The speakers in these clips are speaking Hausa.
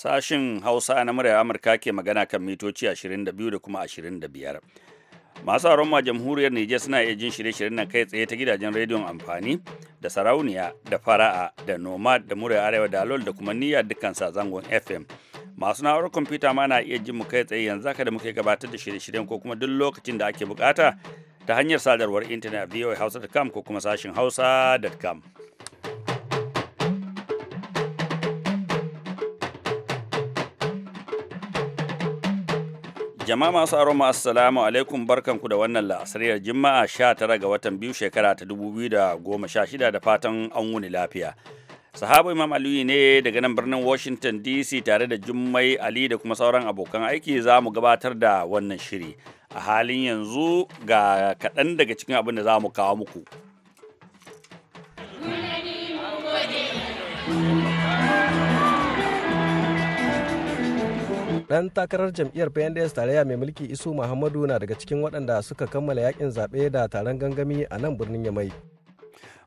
Sashin Hausa na murya Amurka ke magana kan mitoci 22 da kuma 25. Masu auren jamhuriyar Nijar suna iya jin shirye-shiryen nan kai tsaye ta gidajen rediyon amfani da sarauniya da fara'a da nomad da murya arewa da alol da kuma niyyar dukkan zangon FM. Masu na'urar kwamfuta ma na iya jin mu kai tsaye yanzu haka da muke gabatar da shirye-shiryen ko kuma duk lokacin da ake bukata ta hanyar sadarwar intanet voahausa.com ko kuma sashin hausa.com. jama'a masu aroma assalamu alaikum barkanku da wannan la'asariyar juma'a tara ga watan biyu shekara ta dubu 2016 da fatan an wuni lafiya sahabu imam aliyu ne daga nan birnin washington dc tare da jummai ali da kuma sauran abokan aiki za mu gabatar da wannan shiri a halin yanzu ga kaɗan daga cikin abin da za mu kawo muku dan takarar jam'iyyar pnds tarayya mai mulki isu muhammadu na daga cikin waɗanda suka kammala yakin zaɓe da taron gangami a nan birnin yamai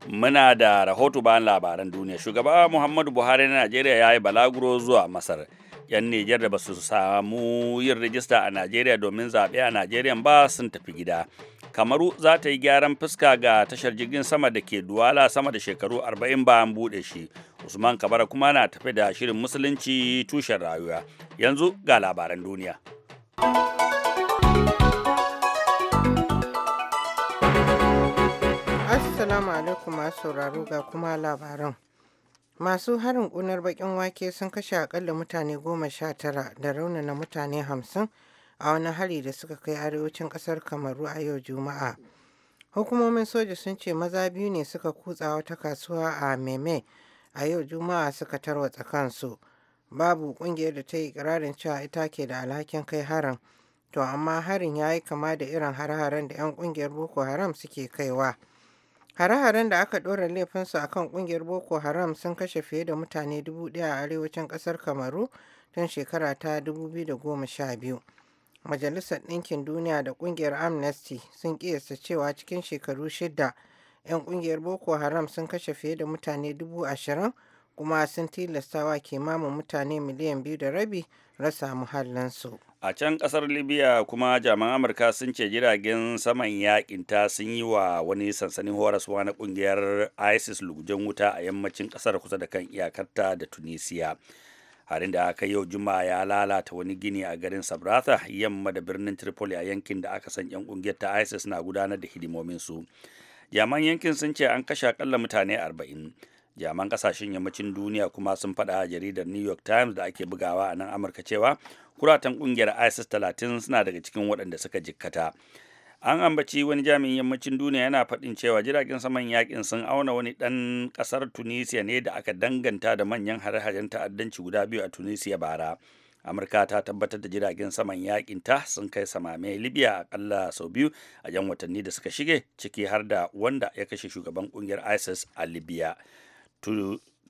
muna da rahoto bayan labaran duniya shugaba muhammadu buhari na najeriya ya yi balaguro zuwa masar yan nijar da ba su samu yin rijista a najeriya domin zaɓe a najeriya ba sun tafi gida kamaru za ta yi gyaran fuska ga tashar jirgin sama da ke duwala sama da shekaru 40 bayan buɗe shi Usman Kabara kuma na tafi da shirin musulunci tushen rayuwa. Yanzu ga labaran duniya. Assalamu alaikum masu sauraro ga kuma labaran. Masu harin ƙunar baƙin wake sun kashe akalla mutane goma sha tara da raunana mutane hamsin a wani hari da suka kai arewacin ƙasar Kamaru a yau Juma'a. Hukumomin soja sun ce maza biyu ne suka kutsa wata kasuwa a Meme a yau Juma'a suka tarwatsa kansu. Babu ƙungiyar da ta yi ikirarin cewa ita ke da alhakin kai harin. To amma harin ya yi kama da irin hare-haren da 'yan ƙungiyar Boko Haram suke kaiwa. Hare-haren da aka ɗora laifinsu a kan ƙungiyar Boko Haram sun kashe fiye da mutane dubu ɗaya a arewacin ƙasar Kamaru tun shekara ta biyu. Majalisar Ɗinkin Duniya da ƙungiyar Amnesty sun kiyasta cewa cikin shekaru shida 'yan kungiyar boko haram sun kashe fiye da mutane dubu ashirin kuma sun tilastawa kimanin mutane miliyan biyu da rabi rasa muhallansu. A can kasar Libya kuma jami'an Amurka sun ce jiragen saman yakin ta sun yi wa wani sansanin horaswa na kungiyar ISIS lugujen wuta a yammacin kasar kusa da kan iyakarta da Tunisia. Harin da aka yau Juma'a ya lalata wani gini a garin Sabratha yamma da birnin Tripoli a yankin da aka san 'yan kungiyar ta ISIS na gudanar da hidimomin su. jaman yankin sun ce an kashe akalla mutane 40 jaman kasashen yammacin duniya kuma sun faɗa a jaridar new york times da ake bugawa a nan amurka cewa kuratan kungiyar isis 30 suna daga cikin waɗanda suka jikkata an ambaci wani jami'in yammacin duniya yana faɗin cewa jiragen saman yakin sun auna wani ɗan ƙasar tunisia ne da aka danganta da manyan hare-haren ta'addanci guda biyu a tunisia bara amurka ta tabbatar da jiragen saman yakin ta sun kai samame libya akalla sau biyu a yan watanni da suka shige ciki har da wanda ya kashe shugaban kungiyar isis a libya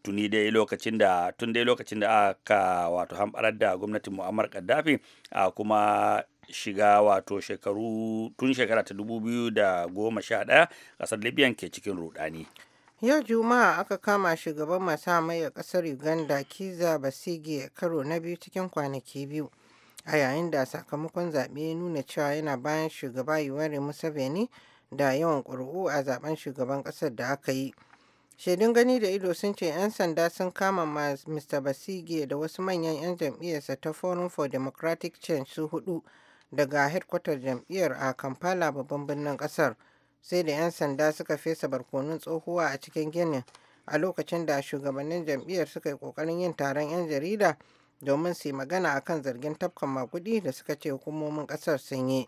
tuni dai lokacin da tun dai lokacin da aka wato hamɓarar da gwamnatin muammar gaddafi a kuma shiga wato shekaru tun shekara ta 2011 ƙasar libyan ke cikin rudani Yau Juma'a aka kama shugaban masu hamayyar ƙasar Uganda Kiza Basige karo na biyu cikin kwanaki biyu. A yayin da sakamakon zaɓe ya nuna cewa yana bayan shugaba yuwari Museveni da yawan ƙuri'u a zaben shugaban ƙasar da aka yi. Shaidun gani da ido sun ce 'yan sanda sun kama Mr. Basige da wasu manyan 'yan jam'iyyarsa ta Forum for Democratic Change su hudu daga hedkwatar jam'iyyar a Kampala babban birnin ƙasar. sai da 'yan sanda suka fesa barkonun tsohuwa a cikin ginin a lokacin da shugabannin jam'iyyar suka yi kokarin yin taron 'yan jarida domin su yi magana kan zargin tafkan makudi da suka ce hukumomin kasar sun yi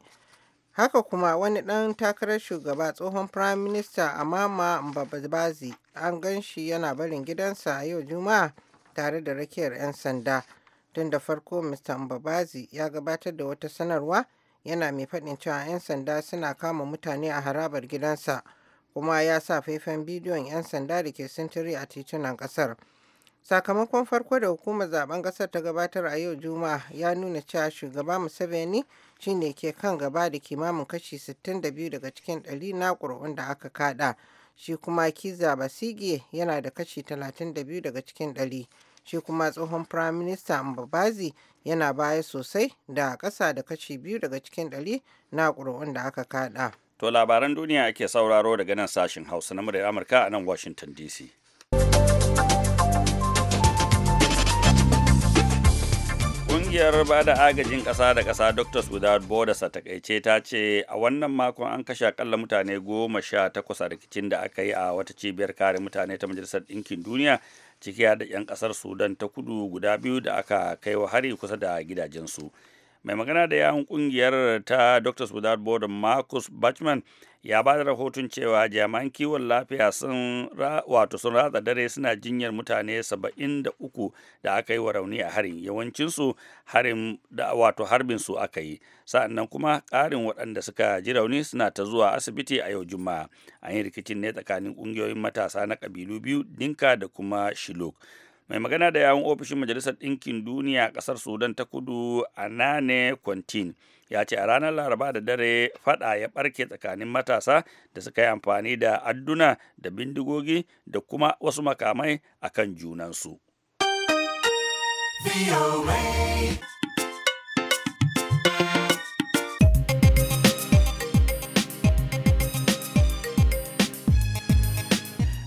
haka kuma wani ɗan takarar shugaba tsohon prime minister amama mbabazi an gan shi yana barin gidansa a yau juma'a tare da rakiyar 'yan sanda tun da farko mr mbabazi ya gabatar da wata sanarwa yana mai faɗin cewa 'yan sanda suna kama mutane a harabar gidansa kuma ya sa faifan bidiyon 'yan sanda da ke sintiri a titunan ƙasar. Sakamakon farko da hukumar zaben ƙasar ta gabatar a yau Juma'a ya nuna cewa shugaba Museveni shine ke kan gaba da kimamin kashi 62 daga cikin ɗari na ƙuri'un da aka kada. Shi kuma Kiza Basige yana da kashi 32 daga cikin ɗari. shi kuma tsohon firaminista Mbabazi yana baya sosai da ƙasa da kashi biyu daga cikin ɗari na ƙuri'un da aka kaɗa. To labaran duniya ake sauraro daga nan sashen Hausa na muryar Amurka a nan Washington DC. Ƙungiyar ba da agajin ƙasa da ƙasa Doctors Without Borders a takaice ta ce a wannan makon an kashe akalla mutane goma sha takwas a rikicin da aka yi a wata cibiyar kare mutane ta Majalisar Ɗinkin Duniya ciki da 'yan kasar sudan ta kudu guda biyu da aka kai wa hari kusa da gidajensu mai magana da yawon kungiyar ta doctors without border marcus bachman ya ba da rahoton cewa jami'an kiwon lafiya sun wato sun ratsa dare suna jinyar mutane 73 da aka yi wa rauni a harin yawancinsu harin da wato harbin su aka yi sa'annan kuma ƙarin waɗanda suka ji rauni suna ta zuwa asibiti a yau juma'a an yi rikicin ne tsakanin ƙungiyoyin matasa na kabilu biyu dinka da kuma shiluk mai magana da yawun ofishin majalisar ɗinkin duniya ƙasar sudan ta kudu a nane kwantin ya ce a ranar laraba da dare fada ya ɓarke tsakanin matasa da suka yi amfani da adduna da bindigogi da kuma wasu makamai a kan junansu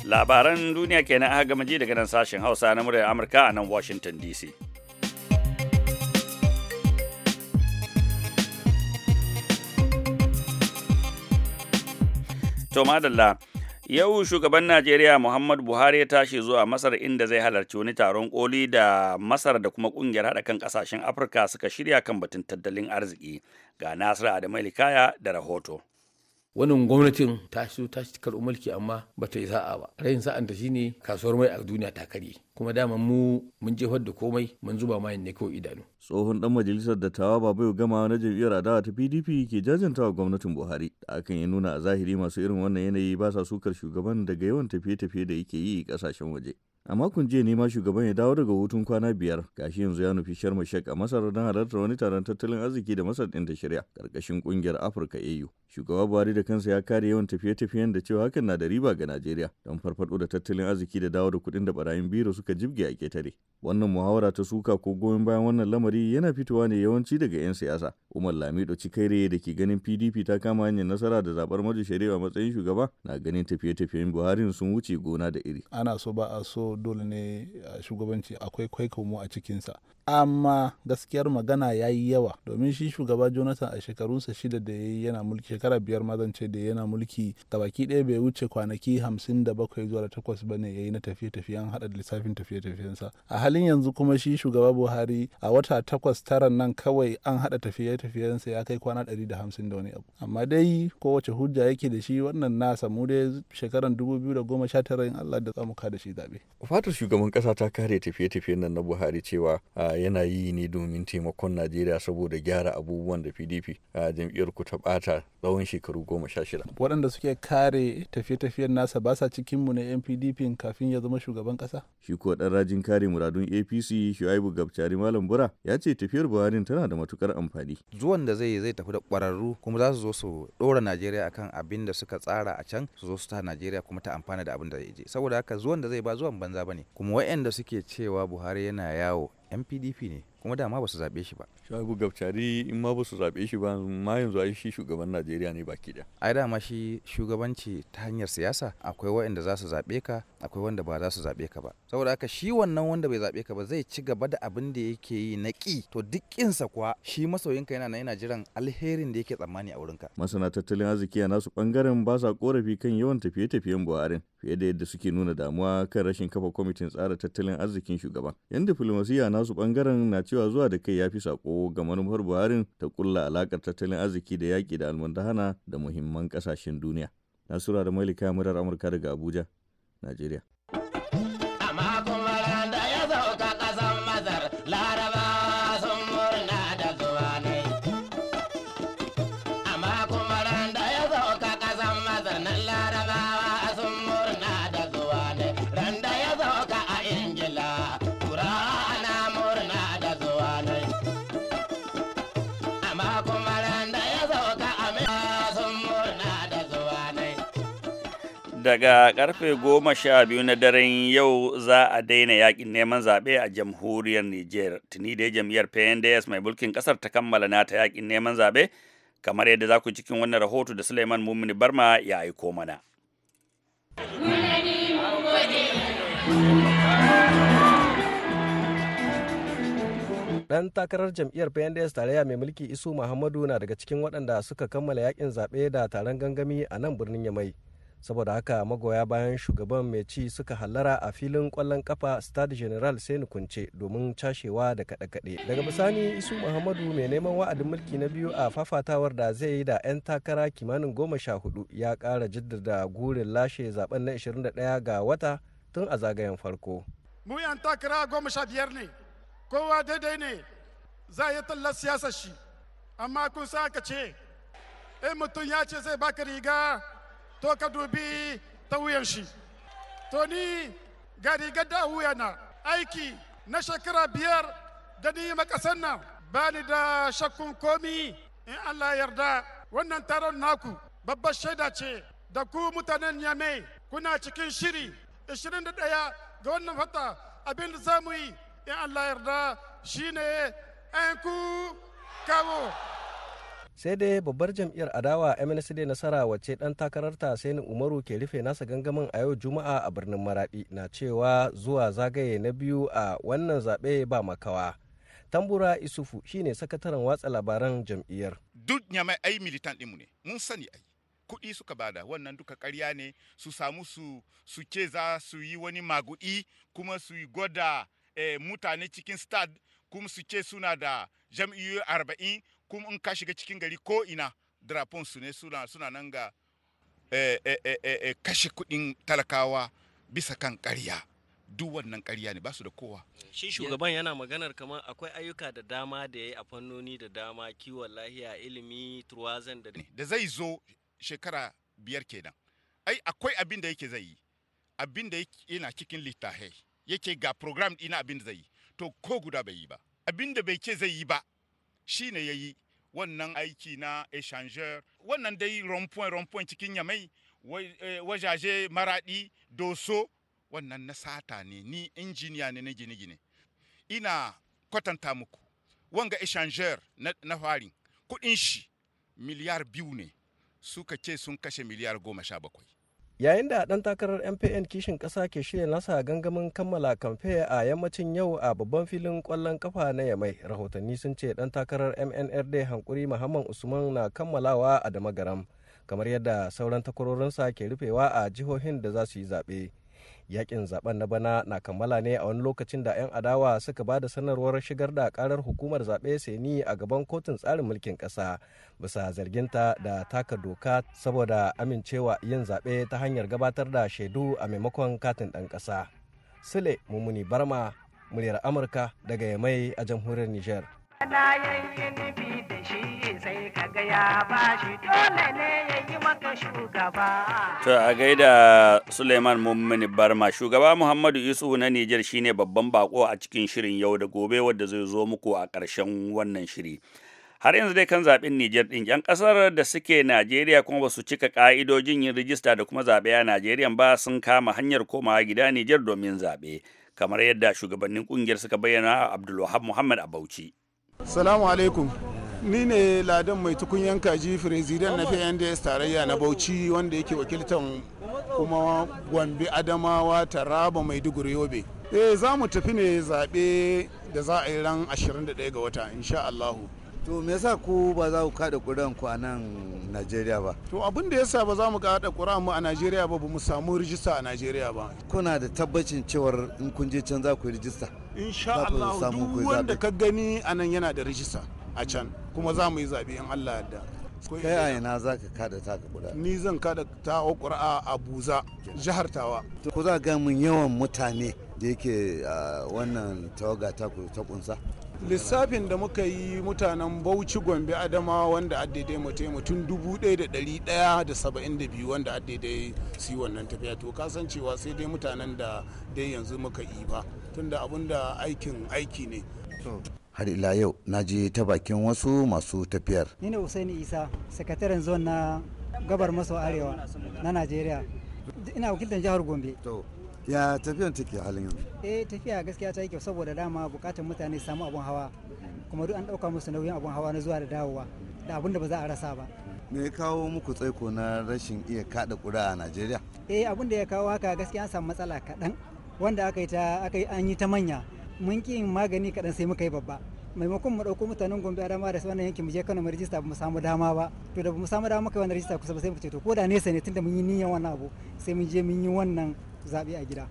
labaran duniya kenan aka gama ji daga nan sashen hausa na muryar amurka a nan washington dc to madalla Yau shugaban Najeriya Muhammadu Buhari ya tashi zuwa Masar inda zai halarci wani taron koli da Masar da kuma kungiyar haɗa kan ƙasashen Afirka suka shirya kan batun tattalin arziki. Ga Nasiru Adamu Likaya da rahoto. wannan gwamnatin ta so ta shi karɓi mulki amma ba ta yi sa'a ba rayin sa'an shi ne kasuwar mai a duniya ta karye kuma dama mu mun jefar da komai mun zuba mayan ne kawai idanu tsohon dan majalisar dattawa bai gama na jam'iyyar adawa ta pdp ke jajanta gwamnatin buhari da akan ya nuna a zahiri masu irin wannan yanayi ba sa sukar shugaban daga yawan tafiye-tafiye da yake yi kasashen waje a makon jiya ne ma shugaban ya dawo daga hutun kwana biyar gashi yanzu ya nufi sharma shek a masar don halartar wani taron tattalin arziki da masar ɗin da shirya karkashin kungiyar afirka au shugaba buhari da kansa ya kare yawan tafiye-tafiyen da cewa hakan na da riba ga najeriya don farfado da tattalin arziki da dawo da kuɗin da barayin biro suka jibge a ketare wannan muhawara ta suka ko goyon bayan wannan lamari yana fitowa ne yawanci daga 'yan siyasa umar lamido cikaire da ke ganin pdp ta kama hanyar nasara da zabar maju shari'a matsayin shugaba na ganin tafiye-tafiyen buhari sun wuce gona da iri ana so ba a so dole ne a shugabanci akwai kwaikomo a cikinsa amma gaskiyar magana ya yi yawa domin shi shugaba jonathan a shekarunsa shida da ya yana mulki shekara biyar ma da yana mulki gabaki ɗaya bai wuce kwanaki hamsin da bakwai zuwa da takwas ba ne ya yi na tafiye-tafiyen haɗa lissafin tafiye-tafiyensa a halin yanzu kuma shi shugaba buhari a wata takwas taran nan kawai an haɗa tafiye-tafiyensa ya kai kwana ɗari da hamsin da wani abu amma dai kowace hujja yake da shi wannan nasa mu dai shekaran dubu biyu da goma sha tara in allah da tsamuka da shi zaɓe. fatar shugaban kasa ta kare tafiye-tafiyen nan na buhari cewa yana yi ne domin taimakon najeriya saboda gyara abubuwan da pdp a jam'iyyar ku ta bata tsawon shekaru goma sha shida waɗanda suke kare tafiye-tafiyen nasa ba sa cikin mu na yan pdp kafin ya zama shugaban kasa shi ko dan rajin kare muradun apc shuaibu gabcari malam bura ya ce tafiyar buhari tana da matukar amfani zuwan da zai zai tafi da ƙwararru kuma za su zo su ɗora najeriya akan abin da suka tsara a can su zo su ta najeriya kuma ta amfana da abin da zai je saboda haka zuwan da zai ba zuwan banza ba ne kuma waɗanda suke cewa buhari yana yawo mpdp ne kuma dama ba su zaɓe shi ba shagu gabcari in ma ba su zaɓe shi ba ma yanzu ai shi shugaban najeriya ne baki da ai dama shi shugabanci ta hanyar siyasa akwai waɗanda za su zaɓe ka akwai wanda ba za su zaɓe ka ba saboda haka shi wannan wanda bai zaɓe ka ba zai ci gaba da abin da yake yi na ƙi to duk ƙinsa kuwa shi masoyinka yana na yana jiran alherin da yake tsammani a wurinka masana tattalin arziki a nasu ɓangaren ba sa korafi kan yawan tafiye-tafiyen buharin fiye da yadda suke nuna damuwa kan rashin kafa kwamitin tsara tattalin arzikin shugaban yan diflomasiya a nasu ɓangaren na cewa zuwa da kai ya fi sako ga manufar buharin ta ƙulla alaƙar tattalin arziki da yaƙi da almundahana da muhimman ƙasashen duniya nasura da malika murar amurka daga abuja Najeriya. daga karfe goma sha biyu na daren yau za a daina yakin neman zaɓe a jamhuriyar Nijar. Tuni da jam'iyyar PNDS mai mulkin ƙasar ta kammala nata yakin neman zaɓe kamar yadda za ku cikin wannan rahoto da Suleiman Mumini Barma ya aiko mana. dan takarar jam'iyyar PNDS tarayya mai mulki Isu Muhammadu na daga cikin waɗanda suka kammala yakin zaɓe da taron gangami a nan birnin Yamai. saboda haka magoya bayan shugaban mai ci suka hallara a filin kwallon kafa stade general sai kunce domin cashewa da kaɗe-kaɗe daga bisani isu muhammadu mai neman wa'adin mulki na biyu a fafatawar da zai yi da 'yan takara kimanin goma sha hudu ya ƙara jaddada gurin lashe zaben na 21 ga wata tun a zagayen farko mu 'yan takara goma sha biyar ne kowa daidai ne za yi tallar siyasar shi amma kun sa ka ce in mutum ya ce zai baka riga to ka dubi ta wuyan shi to ni ga rigar da wuyana aiki na shekara biyar da ni makasan nan ba ni da shakkun komi in allah yarda wannan taron naku babbar shaida ce da ku mutanen yame kuna cikin shiri 21 ga wannan fata abin da za mu yi in allah yarda shine 'yan ku kawo sai dai babbar jam'iyyar adawa mnsd nasara wace dan takararta sainin umaru ke rufe nasa gangamin a yau juma'a a birnin maradi na cewa zuwa zagaye na biyu a wannan zaɓe ba makawa tambura isufu shine sakataren watsa labaran jam'iyyar duk nyamai ai militan ɗinmu ne mun sani ai kuɗi suka bada wannan duka ƙarya ne su samu su su ce za su yi wani magudi kuma su yi gwada eh, mutane cikin stad kuma su ce suna da jam'iyyu arba'in kuma in ka shiga cikin gari ko ina drapon su ne suna suna nan ga eh, eh, eh, kashe kuɗin talakawa bisa kan ƙarya duk wannan ƙarya ne ba su da kowa shi shugaban yana maganar kamar akwai ayyuka da dama da ya yi a fannoni da dama kiwon lahiya ilimi turwazan da da zai zo shekara biyar kenan ai akwai abin da yake zai yi abin da yana cikin littahai yake ga program ina abin da zai yi to ko guda bai yi ba abin da bai ce zai yi ba shi ne ya yi wannan aiki na échangeur wannan dai rompoint rompoint cikin yamai eh, wajaje maraɗi doso wannan na sata ne ni injiniya ne na gine-gine ina kwatanta muku wanga échangeur na farin kuɗin shi miliyar biyu ne suka ce sun kashe miliyar goma sha bakwai yayin da dan takarar mpn kishin kasa ke shirya nasa gangamin kammala kamfe a yammacin yau a babban filin kwallon kafa na yamai rahotanni sun ce dan takarar mnrd hankuri muhammad usman na kammalawa a damagaram kamar yadda sauran takwarorinsa ke rufewa a jihohin da za su yi zaɓe yakin zaben na bana na kammala ne a wani lokacin da 'yan adawa suka ba da sanarwar shigar da karar hukumar zaɓe seni a gaban kotun tsarin mulkin ƙasa bisa zarginta da taka doka saboda amincewa yin zaɓe ta hanyar gabatar da shaidu a maimakon katin ɗan ƙasa sule mummuni barma muryar amurka daga yamai a jamhuriyar niger To a gaida Suleiman Mummini Barma, shugaba Muhammadu Yusufu na Nijar shine babban bako a cikin shirin yau da gobe wadda zai zo muku a ƙarshen wannan shiri. Har yanzu dai kan zaɓen Nijar ɗin, ‘yan ƙasar da suke Najeriya kuma basu su cika ƙa'idojin yin rijista da kuma zaɓe a Najeriya ba sun kama hanyar komawa gida Nijar domin zaɓe, kamar yadda shugabannin ƙungiyar suka bayyana Abdulwahab Muhammad a Bauchi. Salamu alaikum. ni ne ladan mai tukunyan kaji firizidan na pnds tarayya na bauchi wanda yake wakiltan kuma gombe adamawa taraba maiduguri yobe eh za mu tafi ne zaɓe da za a yi ran 21 ga wata insha allahu to me yasa ku ba za ku kada ƙuran ku a nan Najeriya ba to abin da yasa ba za mu kada ƙuran mu a Najeriya ba mu samu rijista a Najeriya ba kuna da tabbacin cewar in kun je can za ku yi rijista insha Allah duk wanda ka gani a nan yana da rijista a can kuma za mu yi zaɓe in allah yadda kai a ina za ka kada taka ƙura ni zan kada ta a buza jihar tawa ko za ga mun yawan mutane da yake wannan tawaga ta kunsa lissafin da muka yi mutanen bauchi gombe adama wanda addaidai mutum da 1172 wanda addede su wannan tafiya to kasancewa sai dai mutanen da dai yanzu muka yi ba tunda abun da aikin aiki ne har ila yau na je ta bakin wasu masu tafiyar ni ne usaini isa sakataren zon na gabar maso arewa na najeriya ina wakiltar jihar gombe ya tafiyan take halin yau. eh tafiya gaskiya ta yi kyau saboda dama bukatar mutane su samu abun hawa kuma duk an dauka musu nauyin abun hawa na zuwa da dawowa da abun da ba za a rasa ba me ya kawo muku tsaiko na rashin iya kada kura a Najeriya eh abun da ya kawo haka gaskiya an samu matsala kaɗan wanda aka yi ta aka yi an yi ta manya mun ƙi magani kaɗan sai muka yi babba maimakon mu ɗauko mutanen gombe adama da wannan yankin mu je kano mu rijista mu samu dama ba to da mu samu dama yi wannan rijista kusa ba sai mu ce to ko da nesa ne tunda mun yi niyyar wannan abu sai mun je mun yi wannan zaɓe a gida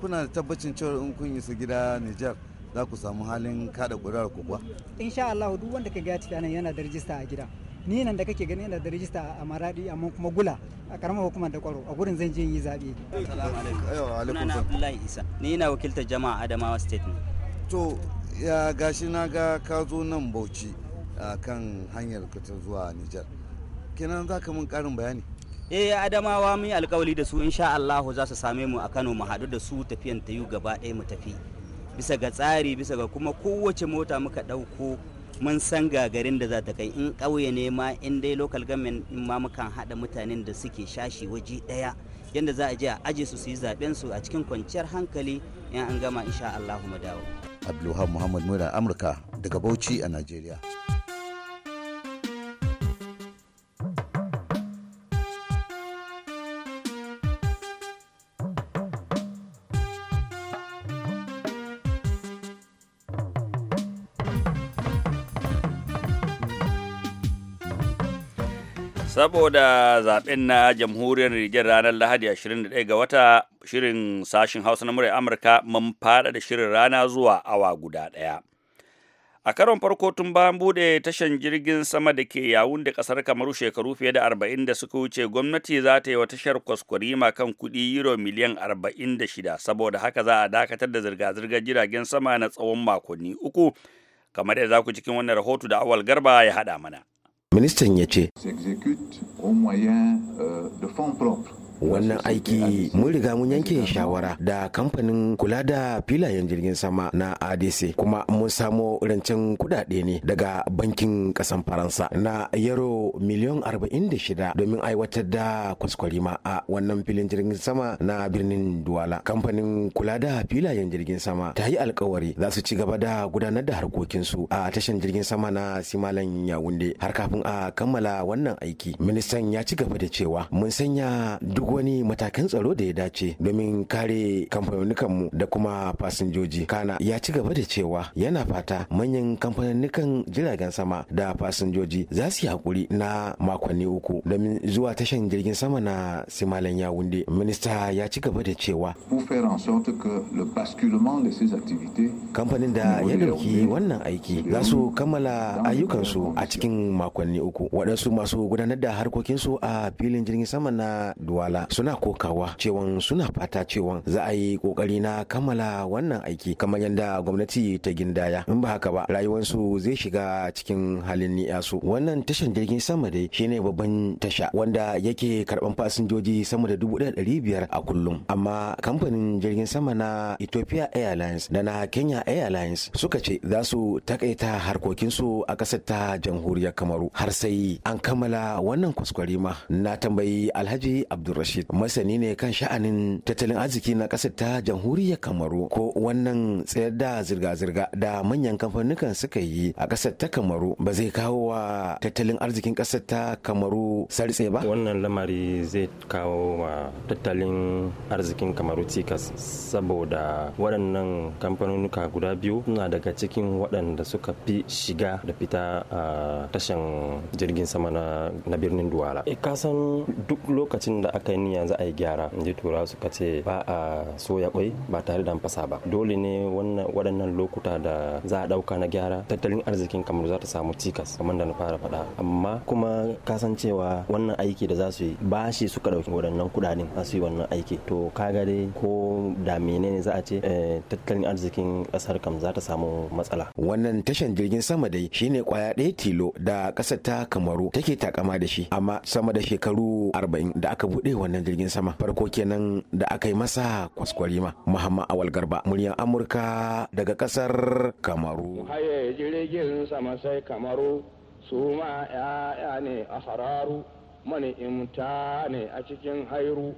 kuna da tabbacin cewa in kun yi su gida Nijar za ku samu halin kada ƙuri'ar ku kuwa insha Allah duk wanda ka gaya ciki yana da rijista a gida ni nan da kake ganin yana da rijista a maradi amma kuma gula a karamar hukumar da kwaro a gurin zan je yi zaɓe. Assalamu Abdullahi Isa. Ni ina wakiltar jama'a Adamawa State ne. To ya gashi na ga ka zo nan Bauchi a kan hanyar ka zuwa Nijar. Kenan za ka mun karin bayani? eh adamawa mun yi alkawali da su insha Allahu za su same mu a Kano mu haɗu da su tafiyan ta yi gaba ɗaya mu tafi bisa ga tsari bisa ga kuma kowace mota muka ɗauko mun san gagarin da za ta kai in ƙauye ne ma in dai lokal government in ma mukan haɗa mutanen da suke shashi waje ɗaya yadda za a je a aje su su yi zaɓen su a cikin kwanciyar hankali in an gama insha Allahu mu dawo. Abdulhamid Muhammad Mura Amurka daga Bauchi a Najeriya. saboda zaben na jamhuriyar rijiyar ranar Lahadi 21 ga wata shirin sashin Hausa na murai Amurka mun fada da shirin rana zuwa awa guda daya A karon farko tun bayan bude tashan jirgin sama da ke yawun da kasar Kamaru shekaru fiye da arba'in da suka wuce gwamnati za ta yi wa tashar kwaskwarima kan kuɗi euro miliyan shida saboda haka za a dakatar da zirga-zirgar jiragen sama na tsawon makonni uku kamar da za ku cikin wannan rahoto da awal garba ya haɗa mana. s'exécute s'exécute au moyen euh, de fonds propres. wannan aiki mun riga mun yanke shawara da kamfanin kula da filayen jirgin sama na adc kuma mun samo rancen kudade ne daga bankin kasan faransa na yaro miliyon 46 domin aiwatar da kwaskwarima a wannan filin jirgin sama na birnin duwala kamfanin kula da filayen jirgin sama ta yi alkawari za su ci gaba da gudanar da harkokinsu a tashan jirgin sama na simalan yawunde har kafin a kammala wannan aiki ministan ya ci gaba da cewa mun sanya duk duk wani matakan tsaro da ya dace domin kare kamfanonikanmu da kuma fasinjoji kana ya ci gaba da cewa yana fata manyan kamfanonikan jiragen sama da fasinjoji za su yi hakuri na makonni uku domin zuwa tashan jirgin sama na simalan yawunde minista ya ci gaba da cewa kamfanin da ya dauki wannan aiki za su kammala ayyukansu a cikin makonni uku waɗansu masu gudanar da harkokinsu a filin jirgin sama na duwala suna kokawa cewan suna fata cewan za a yi kokari na kammala wannan aiki kamar yadda gwamnati ta gindaya in ba haka ba rayuwarsu zai shiga cikin halin su wannan tashan jirgin sama dai shine babban tasha wanda yake karban fasinjoji sama da dubu ɗari biyar a kullum amma kamfanin jirgin sama na Ethiopia Airlines da na Kenya Airlines suka ce za su takaita harkokinsu a ƙasar ta jamhuriyar Kamaru har sai an kammala wannan kuskure ma na tambayi Alhaji Abdulrahman Rashid masani ne kan sha'anin tattalin arziki na ƙasar ta jamhuriyar Kamaru ko wannan tsayar da zirga-zirga da manyan kamfanukan suka yi a ƙasar ta Kamaru ba zai kawo wa tattalin arzikin ƙasar ta Kamaru sartse ba? Wannan lamari zai kawo wa tattalin arzikin Kamaru cikas saboda waɗannan kamfanonuka guda biyu suna daga cikin waɗanda suka fi shiga da fita a tashan jirgin sama na birnin Duwala. E, ka san duk lokacin da aka kai ni za a yi gyara in ji tura suka ce ba a soya kwai ba tare da fasa ba dole ne wannan waɗannan lokuta da za a ɗauka na gyara tattalin arzikin kamar za ta samu cikas kamar da na fara faɗa amma kuma kasancewa wannan aiki da za su yi bashi suka ɗauki waɗannan kuɗaɗen za su yi wannan aiki to ka ga dai ko da menene za a ce eh, tattalin arzikin ƙasar kam za ta samu matsala wannan tashan jirgin sama dai shine kwaya ɗaya tilo da ƙasar ta kamaru take takama da shi amma sama da shekaru arba'in da aka buɗe wannan jirgin sama farko kenan da aka yi masa kwaskwarima muhammad awal garba muryar amurka daga kasar kamaru haye jirgin sama sai kamaru su ma 'ya'ya ne a hararu ne a cikin hairu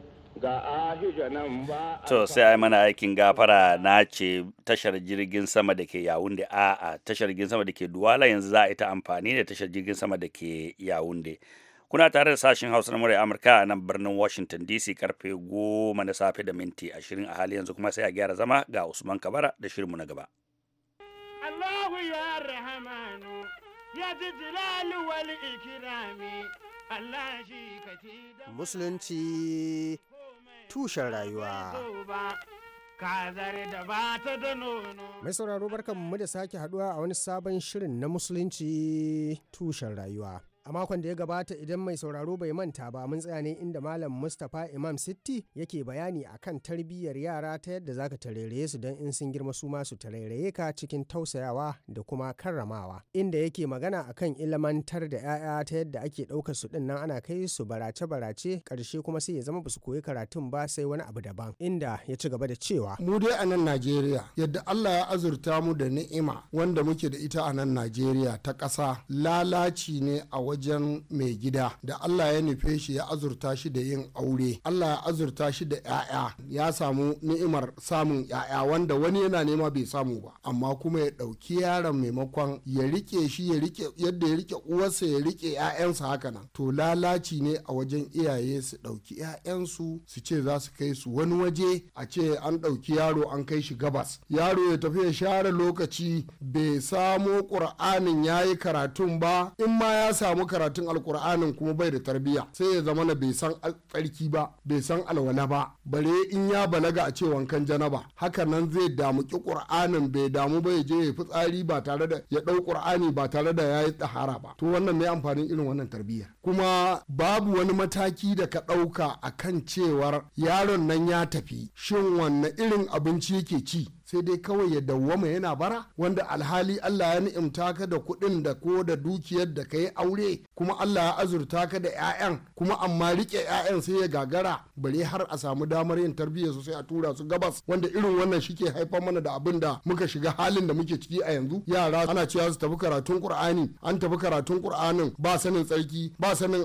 To sai ai mana aikin gafara na ce tashar jirgin sama da ke yawunde a tashar jirgin sama da ke duwala yanzu za a ita amfani da tashar jirgin sama da ke yawunde. kuna tare da sashen hausa na murai amurka a nan birnin washington dc karfe goma na safe da minti 20 a hali yanzu kuma sai a gyara zama ga usman kabara da shirinmu na gaba musulunci tushen rayuwa Mai sauraro barkan mu da sake haduwa a wani sabon shirin na musulunci tushen rayuwa. a makon da ya gabata idan mai sauraro bai manta ba mun tsaya ne inda malam mustapha imam sitti yake bayani akan tarbiyyar yara ta yadda zaka tarairaye su don in sun girma su masu su tarairaye ka cikin tausayawa da kuma karramawa inda yake magana akan ilmantar da 'ya'ya ta yadda ake ɗaukar su dinnan ana kai su barace barace ƙarshe kuma sai ya zama ba su koyi karatun ba sai wani abu daban inda ya ci gaba da cewa mu dai a nan najeriya yadda allah ya azurta mu da ni'ima wanda muke da ita a nan najeriya ta ƙasa lalaci ne a wajen mai gida da Allah ya nufe shi ya azurta shi da yin aure Allah ya azurta shi da 'ya'ya ya samu ni'imar samun 'ya'ya wanda wani yana nema bai samu ba amma kuma ya ɗauki yaron maimakon ya rike shi ya rike yadda ya rike uwarsa ya rike 'ya'yansa haka nan to lalaci ne a wajen iyaye su ɗauki 'ya'yansu su ce za su kai su wani waje a ce an ɗauki yaro an kai shi gabas yaro ya tafi ya share lokaci bai samo ƙur'anin ya yi karatun ba in ma ya samu karatun alkur'anin kuma bai da tarbiyya sai ya zama na bai san tsarki ba bai san alwala ba bare in ya balaga a ce wankan janaba haka nan zai damuki qur'anin bai damu ba ya je ya fitsari ba tare da ya dau qur'ani ba tare da yayi tsahara ba to wannan mai amfanin irin wannan tarbiyya kuma babu wani mataki da ka dauka akan cewar yaron nan ya tafi shin wanne irin abinci yake ci sai dai kawai ya dawwama yana bara wanda alhali Allah ya ni'imta ka da kuɗin da ko da dukiyar da ka yi aure kuma Allah ya azurta ka da 'ya'yan kuma amma riƙe 'ya'yan sai ya gagara bare har a samu damar yin tarbiyya sosai a tura su gabas wanda irin wannan shike haifar mana da abin da muka shiga halin da muke ciki a yanzu yara ana cewa su tafi karatun kur'ani an tafi karatun Qur'anin ba sanin tsarki ba sanin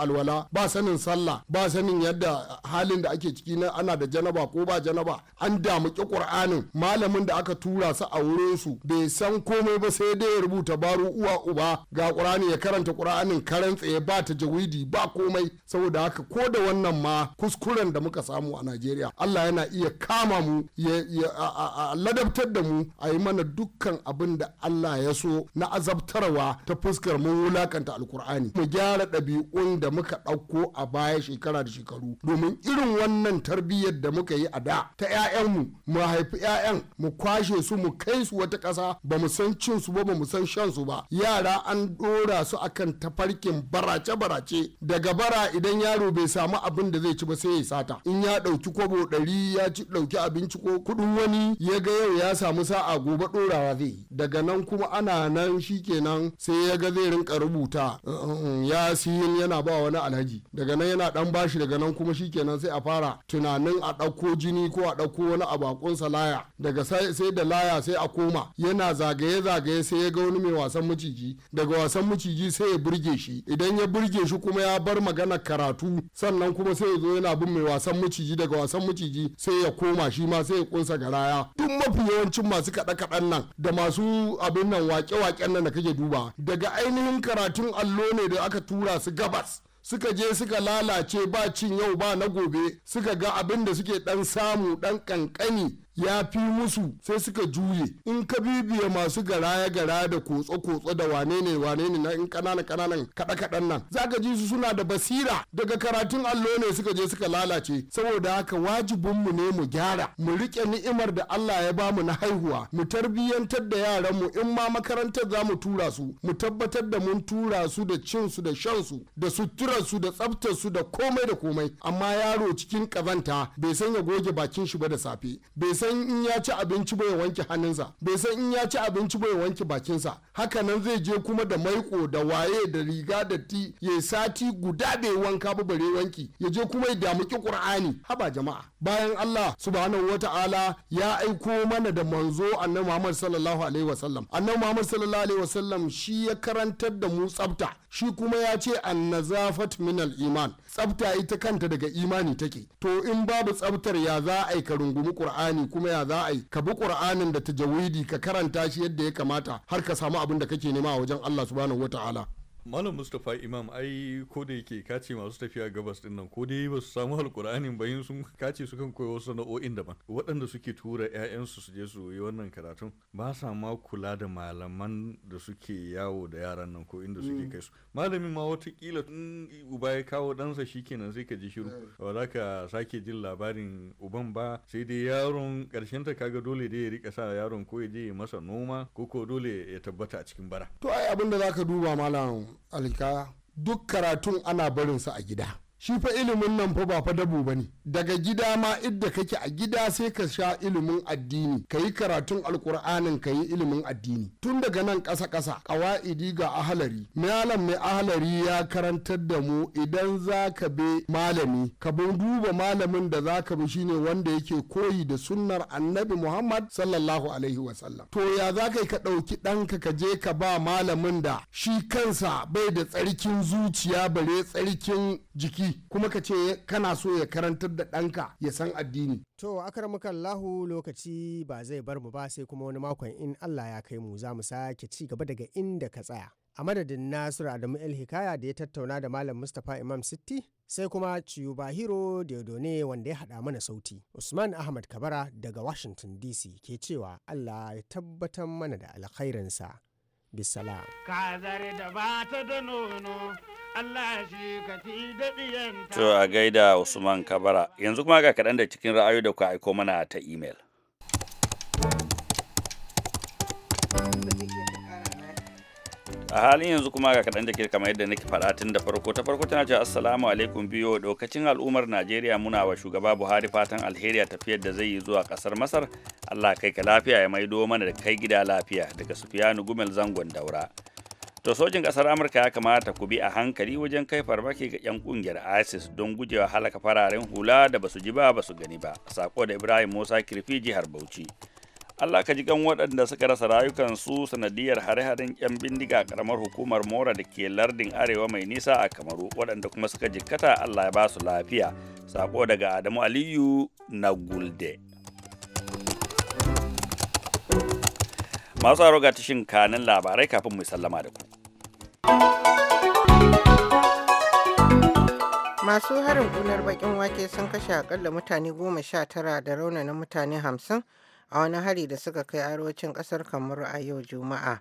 alwala ba sanin sallah ba sanin yadda halin da ake ciki na ana da janaba ko ba janaba an damuki Qur'anin malamin da aka tura su a wurin su bai san komai ba sai dai ya rubuta baro uwa uba ga qur'ani ya karanta qur'anin karan tsaye ba ta jawidi ba komai saboda haka ko da wannan ma kuskuren da muka samu a Najeriya Allah yana iya kama mu ya ladabtar da mu a yi mana dukkan abin da Allah ya so na azabtarwa ta fuskar mun wulakanta alkur'ani mu gyara ɗabi'un da muka ɗauko a baya shekara da shekaru domin irin wannan tarbiyyar da muka yi a da ta 'ya'yanmu mu haifi yayan. 'ya'yan mu kwashe su mu kai su wata ƙasa ba mu san cin su ba ba mu san shan su ba yara an dora su akan tafarkin barace barace daga bara idan yaro bai samu abin da zai ci ba sai ya sata in ya ɗauki kwabo ɗari ya ci ɗauki abinci ko kuɗin wani ya ga yau ya samu sa'a gobe ɗorawa zai yi daga nan kuma ana nan shikenan sai ya ga zai rinka rubuta ya siyin yana ba wani alhaji daga nan yana ɗan bashi daga nan kuma kenan sai a fara tunanin a ɗauko jini ko a ɗauko wani abakun salaya daga sai da laya sai a koma yana zagaye-zagaye sai ya ga wani mai wasan maciji daga wasan maciji sai ya burge shi idan ya burge shi kuma ya bar magana karatu sannan kuma sai ya zo yana bin mai wasan maciji daga wasan maciji sai ya koma shi ma sai ya kunsa garaya duk mafi yawancin masu kaɗe-kaɗen nan da masu abin nan wake-waken nan da kake duba daga ainihin karatun allo ne da aka tura su gabas suka je suka lalace ba cin yau ba na gobe suka ga abin da suke ɗan samu ɗan ƙanƙani. ya fi musu sai suka juye in ka bibiya masu garaya gara da kotso kotso da wane ne wane ne na in kanana kananan kaɗa kaɗan nan zaka ji su suna da basira daga karatun allo ne suka je suka lalace saboda haka wajibin mu ne mu gyara mu riƙe ni'imar da Allah ya bamu na haihuwa mu tarbiyyantar da yaran mu in ma makarantar za mu tura su mu tabbatar da mun tura su da cin su da shan su da suturar su da tsaftar su da komai da komai amma yaro cikin ƙazanta bai sanya goge bakin shi ba da safe bai san san in ya ci abinci bai wanke hannunsa bai san in ya ci abinci bai wanke bakinsa haka nan zai je kuma da maiko da waye da riga da ti ya sati guda bai wanka ba bare wanki ya je kuma ya damuki qur'ani haba jama'a bayan Allah subhanahu wata'ala ya aiko mana da manzo annabi Muhammad sallallahu alaihi wasallam annabi Muhammad sallallahu alaihi wasallam shi ya karantar da mu tsafta shi kuma ya ce annazafat min al-iman tsafta ita kanta daga imani take to in babu tsaftar ya za a yi ka rungumi qur'ani kuma ya za a yi ka bi qur'anin da tajawidi ka karanta shi yadda ya kamata har ka samu abin da kake nema a wajen Allah subhanahu wataala Malam Mustapha Imam ai ko da yake kace masu tafiya gabas din nan ko dai ba su samu alkur'anin bayin sun kace su kan koyo sana'o'in daban waɗanda suke tura ƴaƴansu su je su yi wannan karatun ba sa ma kula da malaman da suke yawo da yaran nan ko inda suke mm. kai su malamin ma kila in uba ya kawo ɗansa shikenan sai ka ji shiru mm. ba za ka sake jin labarin uban ba sai dai yaron ƙarshen ta kaga dole dai ya rika sa yaron ko ya je masa noma ko ko dole ya tabbata a cikin bara to ai abin da zaka duba malam alika duk karatun ana barinsa a gida shi fa ilimin nan fa ba fa dabu ba ne daga gida ma idda kake a gida sai ka sha ilimin addini ka yi karatun alkur'anin ka yi ilimin addini tun daga nan ƙasa ƙasa ƙawa'idi ga ahalari malam mai ahalari ya karantar da mu idan za ka be malami ka bin duba malamin da za ka bi shine wanda yake koyi da sunnar annabi muhammad sallallahu alaihi sallam to ya za ka ka ɗauki ɗanka ka je ka ba malamin da shi kansa bai da tsarkin zuciya bare tsarkin jiki kuma ka ce kana so ya karantar da ɗanka ya san addini. To Lahu lokaci ba zai bar mu ba sai kuma wani makon in Allah ya kai mu za mu sake ci gaba daga inda ka tsaya. A madadin Nasiru Adamu El Hikaya da ya tattauna da Malam Mustapha Imam Sitti sai kuma Ciyubahiro ne wanda ya haɗa mana sauti. Usman Ahmad Kabara daga Washington DC ke cewa Allah ya tabbatar mana da alkhairinsa. bisala kazar da ba ta da nono Allah shi ka ti daɗiyanta. To a gaida Usman Kabara, yanzu kuma ga kaɗan da cikin ra'ayoyi da ku aiko mana ta imel. a halin yanzu kuma ga kaɗan jake kamar yadda nake faɗa tun da farko ta farko tana cewa assalamu alaikum biyo dokacin al'ummar najeriya muna wa shugaba buhari fatan alheri a tafiyar da zai yi zuwa ƙasar masar allah kai ka lafiya ya maido mana da kai gida lafiya daga sufiyanu gumel zangon daura to sojin ƙasar amurka ya kamata ku bi a hankali wajen kai farmaki ga 'yan ƙungiyar isis don gujewa halaka fararen hula da basu ji ba basu gani ba sako da ibrahim musa kirfi jihar bauchi Allah ka ji gan waɗanda suka rasa rayukansu sanadiyar hare-haren 'yan bindiga karamar hukumar Mora da ke lardin Arewa mai nisa a Kamaru waɗanda kuma suka jikkata Allah ya ba su lafiya. Sako daga Adamu Aliyu na Gulde. Masu haro ga tashin kanin labarai kafin mu sallama da ku. Masu harin gunar bakin wake sun kashe akalla mutane goma sha tara da raunana mutane hamsin a wani hari da suka kai arewacin kasar kamar a yau juma'a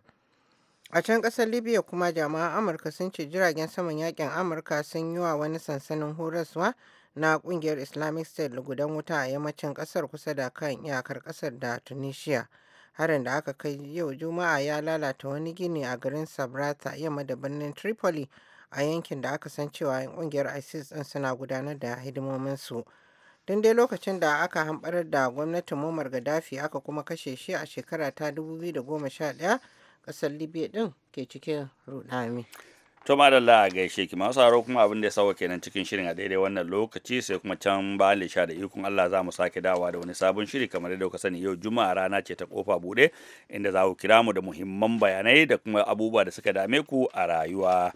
a can kasar libya kuma jama'a amurka sun ce jiragen saman yakin amurka sun yi wa wani sansanin horaswa na kungiyar islamic state gudan wuta a yammacin kasar kusa da kan iyakar kasar da tunisia harin da aka kai yau juma'a ya lalata wani gini a garin sabrata yamma da birnin tripoli a yankin da aka san cewa 'yan ƙungiyar isis ɗin suna gudanar da hidimominsu. su don dai lokacin da aka hamɓarar da gwamnatin Muammar Gaddafi aka kuma kashe shi a shekara ta 2011 ƙasar Libya ɗin ke cikin rudami. To madalla a gaishe ki masu haro kuma abin da ya sawa kenan cikin shirin a daidai wannan lokaci sai kuma can le lisha da ikon Allah za mu sake dawa da wani sabon shiri kamar yadda kuka sani yau juma'a rana ce ta kofa bude inda za ku kira mu da muhimman bayanai da kuma abubuwa da suka dame ku a rayuwa.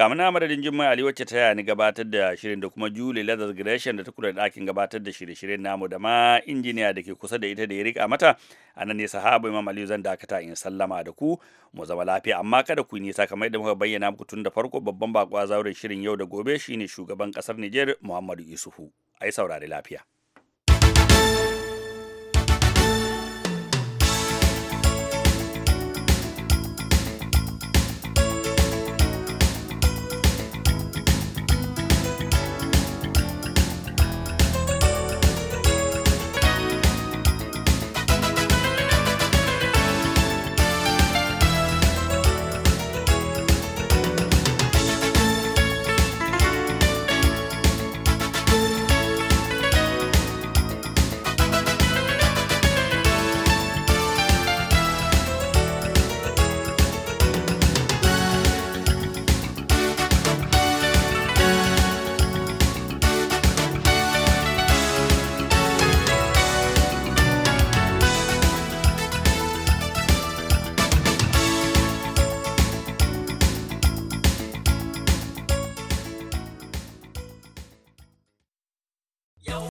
kamar na madadin jimai ali wacce ta yani gabatar da shirin da kuma julie lazarus gresham da ta kula da ɗakin gabatar da shirye-shiryen namu da ma injiniya da ke kusa da ita da ya rika mata a nan ne sahabu imam aliyu zan dakata in sallama da ku mu zama lafiya amma kada ku yi nisa kamar yadda muka bayyana muku tun da farko babban bako a zauren shirin yau da gobe shine shugaban kasar niger muhammadu isuhu ai saurari lafiya